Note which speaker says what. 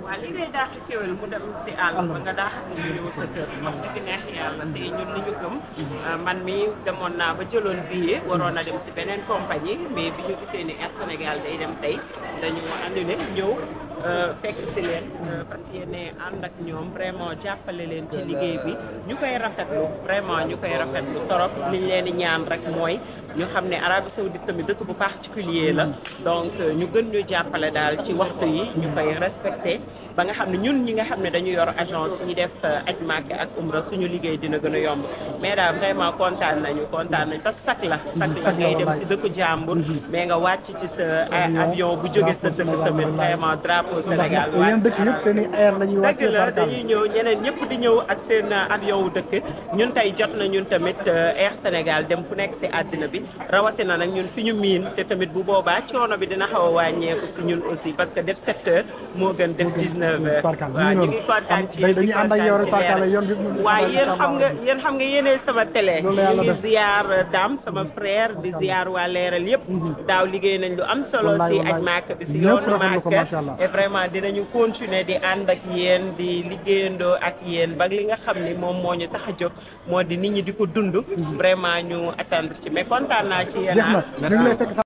Speaker 1: waaw li ngay daax kéwél mu dem si àll ba nga daax nga ñëw sa kër wax dëgg neex yàlla te ñun li ñu gëm ah, man mi demoon naa ba jëloon billet waroon a dem si beneen compagnie mais bi ñu gisee ni Air Sénégal day dem tey dañu annulé ñëw fekk si leen parce que ne ànd ak ñoom vraiment jàppale leen ci liggéey bi ñu koy rafetlu vraiment ñu koy rafetlu torop liñ leen di ñaan rek mooy ñu xam ne Arabie Saoudite tamit dëkk bu particulier la donc euh, ñu gën ñu jàppale daal ci waxtu yi ñu koy respecté ba nga xam ne ñun ñi nga xam ne dañu yor agence yi def euh, aj Makka ak umra suñu liggéey dina gën a yomb mais daal vraiment kontaan nañu kontaan nañu que sac la sac la ngay dem si dëkku jàmbur mm-hmm. mais nga wàcc ci sa euh, avion bu jóge sa dëkk au Sénégal waaye yéen dëkk yëpp seen i air la ñuy wàccee dëgg ñëpp di ñëw ak seen ak yow ñun tey jot na ñun tamit euh, air Sénégal dem fu nekk si àddina bi rawatina nag ñun fi ñu miin tamit bu boobaa coono bi dina xaw a wàññeeku si aussi parce que def 7 moo gën def 19 heures waaw ñu ngi kontaan ci dañuy ànd ak yow rek Fakala yoon bi waaw xam nga yéen xam nga yéenee sama télé ñu ngi ziar euh, Dame sama mm-hmm. frère di ziar waa leeral yëpp mm-hmm. daaw liggéey nañ lu am solo si aj maak bi si yoonu maak vraiment dinañu continuer di ànd ak yéen di liggéeyandoo ak yéen ba li nga xam ni moom moo ñu tax a jot moo di nit ñi di ko dund. Mm-hmm. vraiment ñu attendre ci mais kontaan naa ci yéen. Ah.